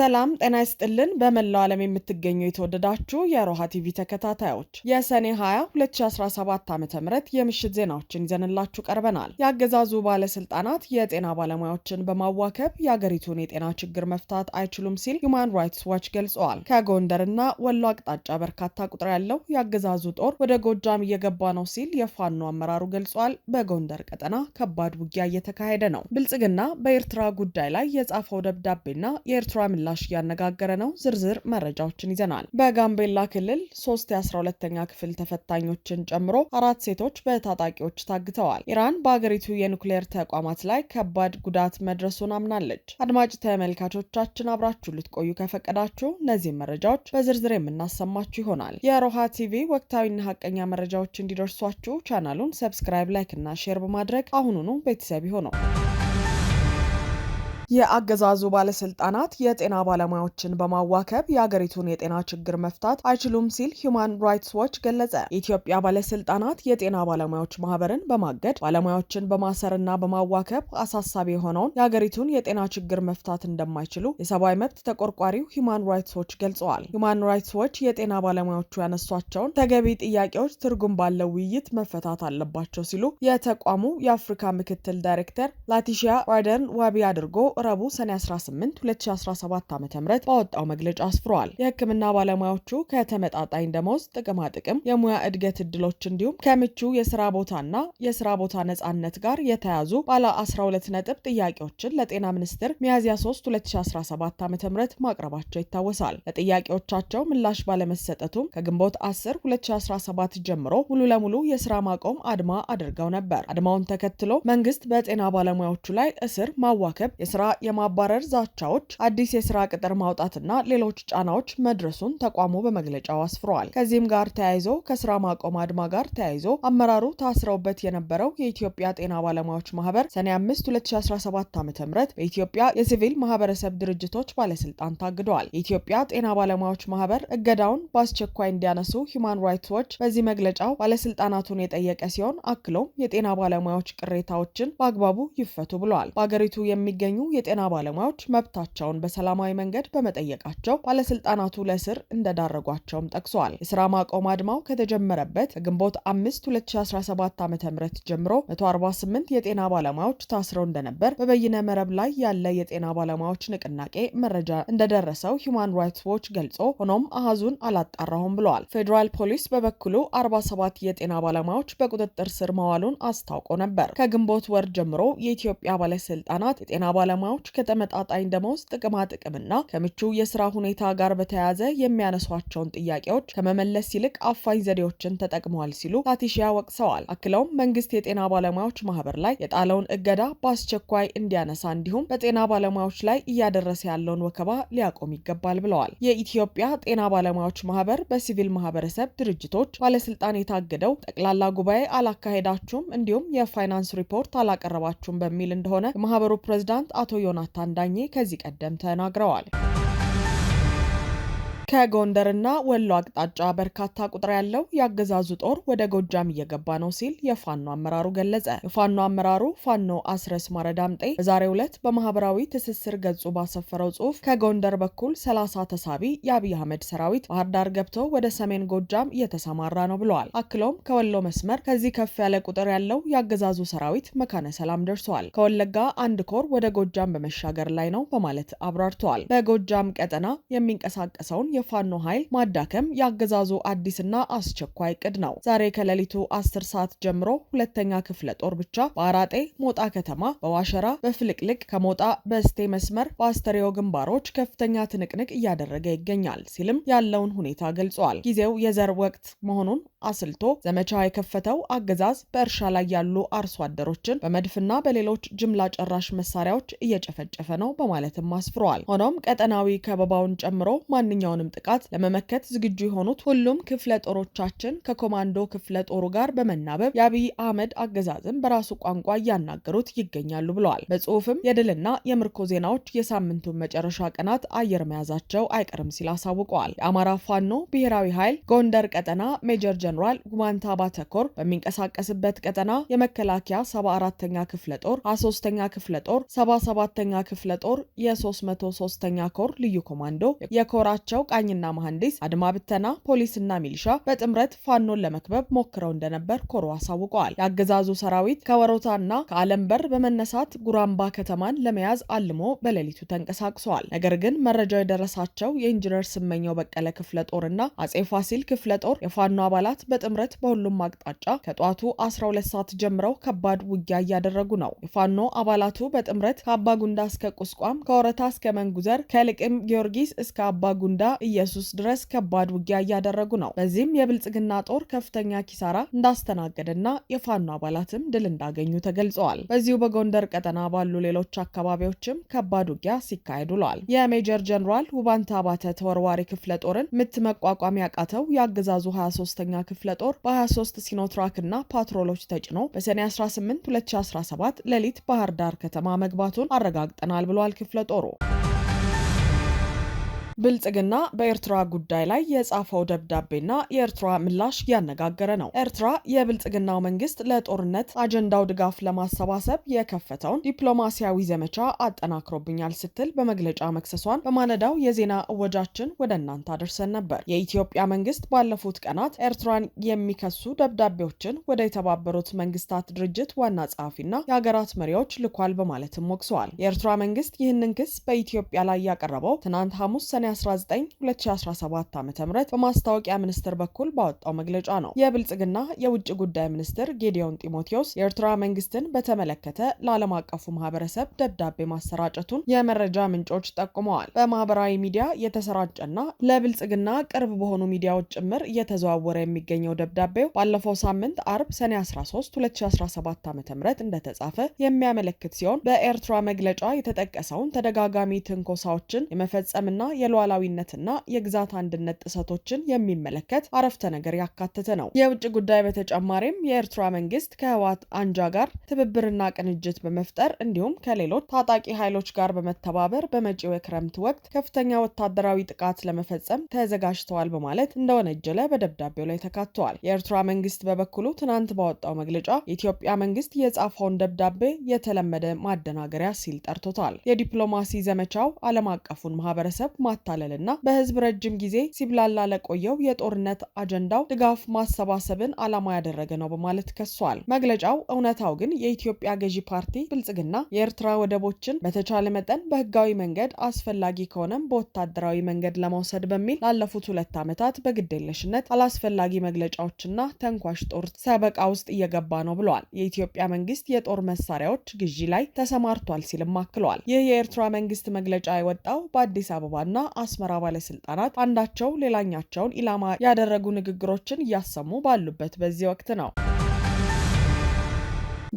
ሰላም ጤና ይስጥልን። በመላው ዓለም የምትገኙ የተወደዳችሁ የሮሃ ቲቪ ተከታታዮች የሰኔ 20 2017 ዓ ም የምሽት ዜናዎችን ይዘንላችሁ ቀርበናል። የአገዛዙ ባለስልጣናት የጤና ባለሙያዎችን በማዋከብ የአገሪቱን የጤና ችግር መፍታት አይችሉም ሲል ሁማን ራይትስ ዋች ገልጸዋል። ከጎንደርና ወሎ አቅጣጫ በርካታ ቁጥር ያለው የአገዛዙ ጦር ወደ ጎጃም እየገባ ነው ሲል የፋኖ አመራሩ ገልጿል። በጎንደር ቀጠና ከባድ ውጊያ እየተካሄደ ነው። ብልጽግና በኤርትራ ጉዳይ ላይ የጻፈው ደብዳቤና የኤርትራ ምላ ምላሽ እያነጋገረ ነው። ዝርዝር መረጃዎችን ይዘናል። በጋምቤላ ክልል ሶስት የ 12 ለተኛ ክፍል ተፈታኞችን ጨምሮ አራት ሴቶች በታጣቂዎች ታግተዋል። ኢራን በአገሪቱ የኑክሌር ተቋማት ላይ ከባድ ጉዳት መድረሱን አምናለች። አድማጭ ተመልካቾቻችን አብራችሁ ልትቆዩ ከፈቀዳችሁ እነዚህ መረጃዎች በዝርዝር የምናሰማችሁ ይሆናል። የሮሃ ቲቪ ወቅታዊና ሀቀኛ መረጃዎች እንዲደርሷችሁ ቻናሉን ሰብስክራይብ፣ ላይክ እና ሼር በማድረግ አሁኑኑ ቤተሰብ ይሆነው። የአገዛዙ ባለስልጣናት የጤና ባለሙያዎችን በማዋከብ የአገሪቱን የጤና ችግር መፍታት አይችሉም ሲል ሂዩማን ራይትስ ዎች ገለጸ። የኢትዮጵያ ባለስልጣናት የጤና ባለሙያዎች ማህበርን በማገድ ባለሙያዎችን በማሰርና በማዋከብ አሳሳቢ የሆነውን የአገሪቱን የጤና ችግር መፍታት እንደማይችሉ የሰብአዊ መብት ተቆርቋሪው ሂዩማን ራይትስ ዎች ገልጸዋል። ሂውማን ራይትስ ዎች የጤና ባለሙያዎቹ ያነሷቸውን ተገቢ ጥያቄዎች ትርጉም ባለው ውይይት መፈታት አለባቸው ሲሉ የተቋሙ የአፍሪካ ምክትል ዳይሬክተር ላቲሺያ ዋደን ዋቢ አድርጎ ረቡዕ ሰኔ 18 2017 ዓ.ም ባወጣው መግለጫ አስፍሯል። የህክምና ባለሙያዎቹ ከተመጣጣኝ ደሞዝ፣ ጥቅማ ጥቅም፣ የሙያ እድገት እድሎች እንዲሁም ከምቹ የስራ ቦታና የስራ ቦታ ነጻነት ጋር የተያዙ ባለ 12 ነጥብ ጥያቄዎችን ለጤና ሚኒስቴር ሚያዝያ 3 2017 ዓ.ም ማቅረባቸው ይታወሳል። ለጥያቄዎቻቸው ምላሽ ባለመሰጠቱም ከግንቦት 10 2017 ጀምሮ ሙሉ ለሙሉ የስራ ማቆም አድማ አድርገው ነበር። አድማውን ተከትሎ መንግስት በጤና ባለሙያዎቹ ላይ እስር፣ ማዋከብ፣ የስራ የማባረር ዛቻዎች፣ አዲስ የስራ ቅጥር ማውጣትና ሌሎች ጫናዎች መድረሱን ተቋሙ በመግለጫው አስፍሯል። ከዚህም ጋር ተያይዞ ከስራ ማቆም አድማ ጋር ተያይዞ አመራሩ ታስረውበት የነበረው የኢትዮጵያ ጤና ባለሙያዎች ማህበር ሰኔ 5 2017 ዓ ም በኢትዮጵያ የሲቪል ማህበረሰብ ድርጅቶች ባለስልጣን ታግደዋል። የኢትዮጵያ ጤና ባለሙያዎች ማህበር እገዳውን በአስቸኳይ እንዲያነሱ ሂዩማን ራይትስ ዎች በዚህ መግለጫው ባለስልጣናቱን የጠየቀ ሲሆን አክሎም የጤና ባለሙያዎች ቅሬታዎችን በአግባቡ ይፈቱ ብለዋል። በአገሪቱ የሚገኙ የጤና ባለሙያዎች መብታቸውን በሰላማዊ መንገድ በመጠየቃቸው ባለስልጣናቱ ለእስር እንደዳረጓቸውም ጠቅሰዋል። የስራ ማቆም አድማው ከተጀመረበት ከግንቦት አምስት 2017 ዓ ም ጀምሮ 148 የጤና ባለሙያዎች ታስረው እንደነበር በበይነ መረብ ላይ ያለ የጤና ባለሙያዎች ንቅናቄ መረጃ እንደደረሰው ሂውማን ራይትስ ዎች ገልጾ፣ ሆኖም አሃዙን አላጣራሁም ብለዋል። ፌዴራል ፖሊስ በበኩሉ 47 የጤና ባለሙያዎች በቁጥጥር ስር መዋሉን አስታውቆ ነበር። ከግንቦት ወር ጀምሮ የኢትዮጵያ ባለስልጣናት የጤና ባለሙያ ባለሙያዎች ከተመጣጣኝ ደመወዝ፣ ጥቅማ ጥቅምና ከምቹ የስራ ሁኔታ ጋር በተያያዘ የሚያነሷቸውን ጥያቄዎች ከመመለስ ይልቅ አፋኝ ዘዴዎችን ተጠቅመዋል ሲሉ ታቲሺያ ወቅሰዋል። አክለውም መንግስት የጤና ባለሙያዎች ማህበር ላይ የጣለውን እገዳ በአስቸኳይ እንዲያነሳ እንዲሁም በጤና ባለሙያዎች ላይ እያደረሰ ያለውን ወከባ ሊያቆም ይገባል ብለዋል። የኢትዮጵያ ጤና ባለሙያዎች ማህበር በሲቪል ማህበረሰብ ድርጅቶች ባለስልጣን የታገደው ጠቅላላ ጉባኤ አላካሄዳችሁም እንዲሁም የፋይናንስ ሪፖርት አላቀረባችሁም በሚል እንደሆነ የማህበሩ ፕሬዚዳንት አቶ አቶ ዮናታን ዳኜ ከዚህ ቀደም ተናግረዋል። ከጎንደርና ወሎ አቅጣጫ በርካታ ቁጥር ያለው የአገዛዙ ጦር ወደ ጎጃም እየገባ ነው ሲል የፋኖ አመራሩ ገለጸ። የፋኖ አመራሩ ፋኖ አስረስ ማረዳምጤ በዛሬው ዕለት በማህበራዊ ትስስር ገጹ ባሰፈረው ጽሁፍ ከጎንደር በኩል ሰላሳ ተሳቢ የአብይ አህመድ ሰራዊት ባህር ዳር ገብቶ ወደ ሰሜን ጎጃም እየተሰማራ ነው ብለዋል። አክለውም ከወሎ መስመር ከዚህ ከፍ ያለ ቁጥር ያለው የአገዛዙ ሰራዊት መካነ ሰላም ደርሰዋል። ከወለጋ አንድ ኮር ወደ ጎጃም በመሻገር ላይ ነው በማለት አብራርተዋል። በጎጃም ቀጠና የሚንቀሳቀሰውን የፋኖ ኃይል ማዳከም የአገዛዙ አዲስና አስቸኳይ እቅድ ነው። ዛሬ ከሌሊቱ አስር ሰዓት ጀምሮ ሁለተኛ ክፍለ ጦር ብቻ በአራጤ ሞጣ ከተማ፣ በዋሸራ በፍልቅልቅ ከሞጣ በስቴ መስመር በአስተሪዮ ግንባሮች ከፍተኛ ትንቅንቅ እያደረገ ይገኛል ሲልም ያለውን ሁኔታ ገልጿል። ጊዜው የዘር ወቅት መሆኑን አስልቶ ዘመቻ የከፈተው አገዛዝ በእርሻ ላይ ያሉ አርሶ አደሮችን በመድፍና በሌሎች ጅምላ ጨራሽ መሳሪያዎች እየጨፈጨፈ ነው በማለትም አስፍሯል። ሆኖም ቀጠናዊ ከበባውን ጨምሮ ማንኛውንም ማንኛውንም ጥቃት ለመመከት ዝግጁ የሆኑት ሁሉም ክፍለ ጦሮቻችን ከኮማንዶ ክፍለ ጦሩ ጋር በመናበብ የአብይ አህመድ አገዛዝን በራሱ ቋንቋ እያናገሩት ይገኛሉ ብለዋል። በጽሁፍም የድልና የምርኮ ዜናዎች የሳምንቱን መጨረሻ ቀናት አየር መያዛቸው አይቀርም ሲል አሳውቀዋል። የአማራ ፋኖ ብሔራዊ ኃይል ጎንደር ቀጠና ሜጀር ጀኔራል ጉማንታ ባተኮር በሚንቀሳቀስበት ቀጠና የመከላከያ 74ተኛ ክፍለ ጦር፣ 23ተኛ ክፍለ ጦር፣ 77ተኛ ክፍለ ጦር፣ የ303ተኛ ኮር ልዩ ኮማንዶ የኮራቸው ዳኝና መሐንዲስ፣ አድማ ብተና፣ ፖሊስና ሚሊሻ በጥምረት ፋኖን ለመክበብ ሞክረው እንደነበር ኮሮ አሳውቀዋል። የአገዛዙ ሰራዊት ከወሮታና ከአለም በር በመነሳት ጉራምባ ከተማን ለመያዝ አልሞ በሌሊቱ ተንቀሳቅሰዋል። ነገር ግን መረጃው የደረሳቸው የኢንጂነር ስመኘው በቀለ ክፍለ ጦርና አጼ ፋሲል ክፍለ ጦር የፋኖ አባላት በጥምረት በሁሉም አቅጣጫ ከጧቱ 12 ሰዓት ጀምረው ከባድ ውጊያ እያደረጉ ነው። የፋኖ አባላቱ በጥምረት ከአባ ጉንዳ እስከ ቁስቋም፣ ከወረታ እስከ መንጉዘር፣ ከልቅም ጊዮርጊስ እስከ አባ ጉንዳ ኢየሱስ ድረስ ከባድ ውጊያ እያደረጉ ነው። በዚህም የብልጽግና ጦር ከፍተኛ ኪሳራ እንዳስተናገደና የፋኖ አባላትም ድል እንዳገኙ ተገልጸዋል። በዚሁ በጎንደር ቀጠና ባሉ ሌሎች አካባቢዎችም ከባድ ውጊያ ሲካሄድ ውለዋል። የሜጀር ጀኔራል ውባንታ አባተ ተወርዋሪ ክፍለ ጦርን ምት መቋቋም ያቃተው የአገዛዙ 23ኛ ክፍለ ጦር በ23 ሲኖትራክ እና ፓትሮሎች ተጭኖ በሰኔ 18 2017 ሌሊት ባህር ዳር ከተማ መግባቱን አረጋግጠናል ብሏል ክፍለ ጦሩ። ብልጽግና በኤርትራ ጉዳይ ላይ የጻፈው ደብዳቤና የኤርትራ ምላሽ ያነጋገረ ነው። ኤርትራ የብልጽግናው መንግስት ለጦርነት አጀንዳው ድጋፍ ለማሰባሰብ የከፈተውን ዲፕሎማሲያዊ ዘመቻ አጠናክሮብኛል ስትል በመግለጫ መክሰሷን በማለዳው የዜና እወጃችን ወደ እናንተ አድርሰን ነበር። የኢትዮጵያ መንግስት ባለፉት ቀናት ኤርትራን የሚከሱ ደብዳቤዎችን ወደ የተባበሩት መንግስታት ድርጅት ዋና ጸሐፊና የሀገራት መሪዎች ልኳል በማለትም ወቅሰዋል። የኤርትራ መንግስት ይህንን ክስ በኢትዮጵያ ላይ ያቀረበው ትናንት ሐሙስ ሰኔ 19 2017 ዓ ም በማስታወቂያ ሚኒስቴር በኩል ባወጣው መግለጫ ነው። የብልጽግና የውጭ ጉዳይ ሚኒስትር ጌዲዮን ጢሞቴዎስ የኤርትራ መንግስትን በተመለከተ ለዓለም አቀፉ ማህበረሰብ ደብዳቤ ማሰራጨቱን የመረጃ ምንጮች ጠቁመዋል። በማህበራዊ ሚዲያ የተሰራጨና ለብልጽግና ቅርብ በሆኑ ሚዲያዎች ጭምር እየተዘዋወረ የሚገኘው ደብዳቤው ባለፈው ሳምንት አርብ ሰኔ 13 2017 ዓ ም እንደተጻፈ የሚያመለክት ሲሆን በኤርትራ መግለጫ የተጠቀሰውን ተደጋጋሚ ትንኮሳዎችን የመፈጸምና የለ ሉዓላዊነትና የግዛት አንድነት ጥሰቶችን የሚመለከት አረፍተ ነገር ያካተተ ነው። የውጭ ጉዳይ በተጨማሪም የኤርትራ መንግስት ከህወሓት አንጃ ጋር ትብብርና ቅንጅት በመፍጠር እንዲሁም ከሌሎች ታጣቂ ኃይሎች ጋር በመተባበር በመጪው የክረምት ወቅት ከፍተኛ ወታደራዊ ጥቃት ለመፈጸም ተዘጋጅተዋል በማለት እንደወነጀለ በደብዳቤው ላይ ተካተዋል። የኤርትራ መንግስት በበኩሉ ትናንት ባወጣው መግለጫ የኢትዮጵያ መንግስት የጻፈውን ደብዳቤ የተለመደ ማደናገሪያ ሲል ጠርቶታል። የዲፕሎማሲ ዘመቻው ዓለም አቀፉን ማህበረሰብ ማታ ማታለል እና በህዝብ ረጅም ጊዜ ሲብላላ ለቆየው የጦርነት አጀንዳው ድጋፍ ማሰባሰብን ዓላማ ያደረገ ነው በማለት ከሷል። መግለጫው እውነታው ግን የኢትዮጵያ ገዢ ፓርቲ ብልጽግና የኤርትራ ወደቦችን በተቻለ መጠን በህጋዊ መንገድ አስፈላጊ ከሆነም በወታደራዊ መንገድ ለመውሰድ በሚል ላለፉት ሁለት ዓመታት በግዴለሽነት አላስፈላጊ መግለጫዎችና ተንኳሽ ጦር ሰበቃ ውስጥ እየገባ ነው ብለዋል። የኢትዮጵያ መንግስት የጦር መሳሪያዎች ግዢ ላይ ተሰማርቷል ሲልም አክለዋል። ይህ የኤርትራ መንግስት መግለጫ የወጣው በአዲስ አበባና አስመራ ባለስልጣናት አንዳቸው ሌላኛቸውን ኢላማ ያደረጉ ንግግሮችን እያሰሙ ባሉበት በዚህ ወቅት ነው።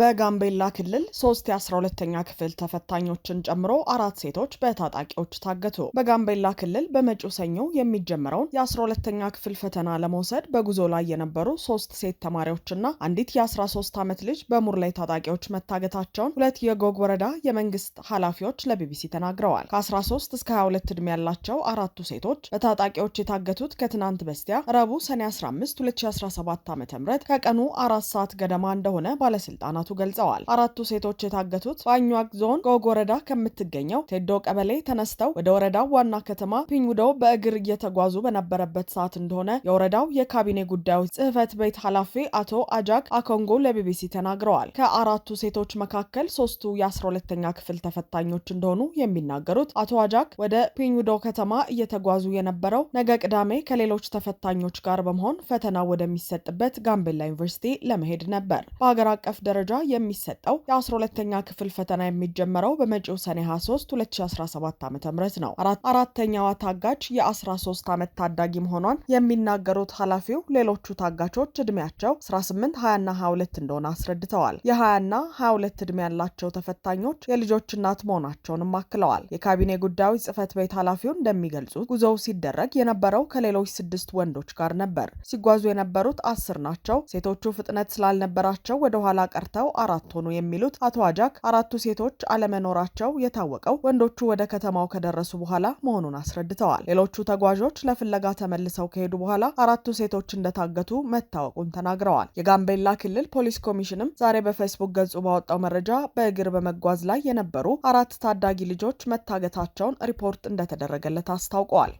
በጋምቤላ ክልል ሶስት የአስራ ሁለተኛ ክፍል ተፈታኞችን ጨምሮ አራት ሴቶች በታጣቂዎች ታገቱ። በጋምቤላ ክልል በመጪው ሰኞ የሚጀመረውን የአስራ ሁለተኛ ክፍል ፈተና ለመውሰድ በጉዞ ላይ የነበሩ ሶስት ሴት ተማሪዎችና አንዲት የአስራ ሶስት ዓመት ልጅ ላይ ታጣቂዎች መታገታቸውን ሁለት የጎግ ወረዳ የመንግስት ኃላፊዎች ለቢቢሲ ተናግረዋል። ከአስራ እስከ ሀያ ሁለት ዕድሜ ያላቸው አራቱ ሴቶች በታጣቂዎች የታገቱት ከትናንት በስቲያ ረቡዕ ሰኔ 15 2017 ዓ ም ከቀኑ አራት ሰዓት ገደማ እንደሆነ ባለስልጣናት መጽናናቱ ገልጸዋል። አራቱ ሴቶች የታገቱት በአኟዋክ ዞን ጎግ ወረዳ ከምትገኘው ቴዶ ቀበሌ ተነስተው ወደ ወረዳው ዋና ከተማ ፒኝዶ በእግር እየተጓዙ በነበረበት ሰዓት እንደሆነ የወረዳው የካቢኔ ጉዳዮች ጽህፈት ቤት ኃላፊ አቶ አጃክ አኮንጎ ለቢቢሲ ተናግረዋል። ከአራቱ ሴቶች መካከል ሶስቱ የአስራ ሁለተኛ ክፍል ተፈታኞች እንደሆኑ የሚናገሩት አቶ አጃክ ወደ ፒኝዶ ከተማ እየተጓዙ የነበረው ነገ ቅዳሜ ከሌሎች ተፈታኞች ጋር በመሆን ፈተና ወደሚሰጥበት ጋምቤላ ዩኒቨርሲቲ ለመሄድ ነበር። በሀገር አቀፍ ደረጃ ደረጃ የሚሰጠው የ12ተኛ ክፍል ፈተና የሚጀመረው በመጪው ሰኔ 23 2017 ዓ ም ነው። አራተኛዋ ታጋች የ13 ዓመት ታዳጊ መሆኗን የሚናገሩት ኃላፊው ሌሎቹ ታጋቾች ዕድሜያቸው 18፣ 20ና 22 እንደሆነ አስረድተዋል። የ20ና 22 ዕድሜ ያላቸው ተፈታኞች የልጆች እናት መሆናቸውንም አክለዋል። የካቢኔ ጉዳዮች ጽህፈት ቤት ኃላፊው እንደሚገልጹት ጉዞው ሲደረግ የነበረው ከሌሎች ስድስት ወንዶች ጋር ነበር። ሲጓዙ የነበሩት አስር ናቸው። ሴቶቹ ፍጥነት ስላልነበራቸው ወደ ኋላ ቀርተው ተነስተው አራት ሆኑ የሚሉት አቶ አጃክ አራቱ ሴቶች አለመኖራቸው የታወቀው ወንዶቹ ወደ ከተማው ከደረሱ በኋላ መሆኑን አስረድተዋል። ሌሎቹ ተጓዦች ለፍለጋ ተመልሰው ከሄዱ በኋላ አራቱ ሴቶች እንደታገቱ መታወቁን ተናግረዋል። የጋምቤላ ክልል ፖሊስ ኮሚሽንም ዛሬ በፌስቡክ ገጹ ባወጣው መረጃ በእግር በመጓዝ ላይ የነበሩ አራት ታዳጊ ልጆች መታገታቸውን ሪፖርት እንደተደረገለት አስታውቀዋል።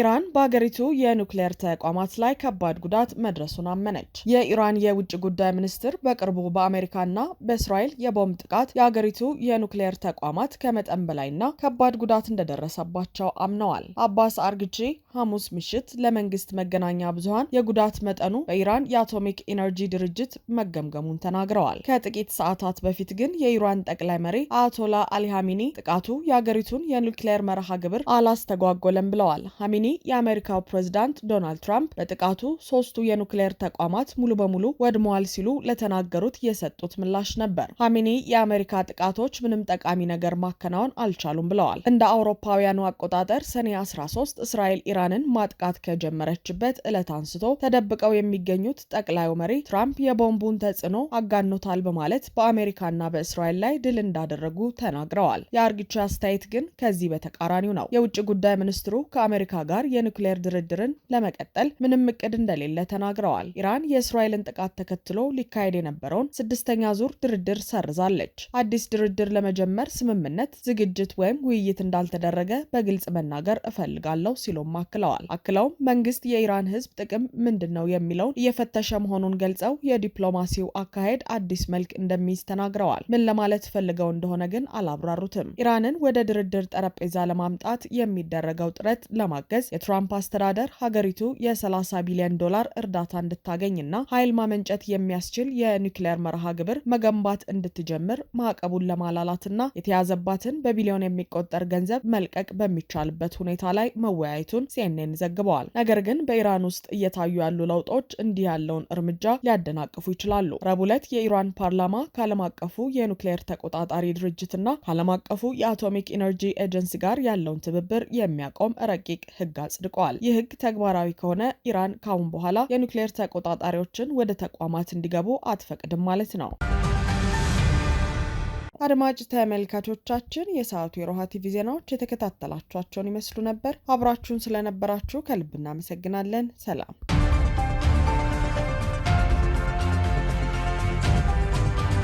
ኢራን በአገሪቱ የኑክሌር ተቋማት ላይ ከባድ ጉዳት መድረሱን አመነች። የኢራን የውጭ ጉዳይ ሚኒስትር በቅርቡ በአሜሪካና በእስራኤል የቦምብ ጥቃት የአገሪቱ የኑክሌር ተቋማት ከመጠን በላይና ከባድ ጉዳት እንደደረሰባቸው አምነዋል። አባስ አርግቺ ሐሙስ ምሽት ለመንግስት መገናኛ ብዙኃን የጉዳት መጠኑ በኢራን የአቶሚክ ኢነርጂ ድርጅት መገምገሙን ተናግረዋል። ከጥቂት ሰዓታት በፊት ግን የኢራን ጠቅላይ መሪ አያቶላ አሊ ሐሚኒ ጥቃቱ የአገሪቱን የኒክሌር መርሃ ግብር አላስተጓጎለም ብለዋል። ኻሜኒ የአሜሪካው ፕሬዝዳንት ዶናልድ ትራምፕ በጥቃቱ ሶስቱ የኑክሌር ተቋማት ሙሉ በሙሉ ወድመዋል ሲሉ ለተናገሩት የሰጡት ምላሽ ነበር። ሀሚኒ የአሜሪካ ጥቃቶች ምንም ጠቃሚ ነገር ማከናወን አልቻሉም ብለዋል። እንደ አውሮፓውያኑ አቆጣጠር ሰኔ 13 እስራኤል ኢራንን ማጥቃት ከጀመረችበት ዕለት አንስቶ ተደብቀው የሚገኙት ጠቅላዩ መሪ ትራምፕ የቦምቡን ተጽዕኖ አጋኖታል በማለት በአሜሪካና በእስራኤል ላይ ድል እንዳደረጉ ተናግረዋል። የአርግቻ አስተያየት ግን ከዚህ በተቃራኒው ነው። የውጭ ጉዳይ ሚኒስትሩ ከአሜሪካ ጋር ጋር የኒውክሌር ድርድርን ለመቀጠል ምንም እቅድ እንደሌለ ተናግረዋል። ኢራን የእስራኤልን ጥቃት ተከትሎ ሊካሄድ የነበረውን ስድስተኛ ዙር ድርድር ሰርዛለች። አዲስ ድርድር ለመጀመር ስምምነት፣ ዝግጅት ወይም ውይይት እንዳልተደረገ በግልጽ መናገር እፈልጋለሁ ሲሉም አክለዋል። አክለውም መንግስት የኢራን ህዝብ ጥቅም ምንድን ነው የሚለውን እየፈተሸ መሆኑን ገልጸው የዲፕሎማሲው አካሄድ አዲስ መልክ እንደሚይዝ ተናግረዋል። ምን ለማለት ፈልገው እንደሆነ ግን አላብራሩትም። ኢራንን ወደ ድርድር ጠረጴዛ ለማምጣት የሚደረገው ጥረት ለማገዝ በመግለጽ የትራምፕ አስተዳደር ሀገሪቱ የ30 ቢሊዮን ዶላር እርዳታ እንድታገኝና ኃይል ማመንጨት የሚያስችል የኒውክሌር መርሃ ግብር መገንባት እንድትጀምር ማዕቀቡን ለማላላትና የተያዘባትን በቢሊዮን የሚቆጠር ገንዘብ መልቀቅ በሚቻልበት ሁኔታ ላይ መወያየቱን ሲኤንኤን ዘግበዋል። ነገር ግን በኢራን ውስጥ እየታዩ ያሉ ለውጦች እንዲህ ያለውን እርምጃ ሊያደናቅፉ ይችላሉ። ረቡዕ ዕለት የኢራን ፓርላማ ከዓለም አቀፉ የኑክሌር ተቆጣጣሪ ድርጅትና ከዓለም አቀፉ የአቶሚክ ኢነርጂ ኤጀንሲ ጋር ያለውን ትብብር የሚያቆም ረቂቅ ህግ ህግ አጽድቋል። ይህ ህግ ተግባራዊ ከሆነ ኢራን ካሁን በኋላ የኒውክሌር ተቆጣጣሪዎችን ወደ ተቋማት እንዲገቡ አትፈቅድም ማለት ነው። አድማጭ ተመልካቾቻችን የሰዓቱ የሮሃ ቲቪ ዜናዎች የተከታተላችኋቸውን ይመስሉ ነበር። አብራችሁን ስለነበራችሁ ከልብ እናመሰግናለን። ሰላም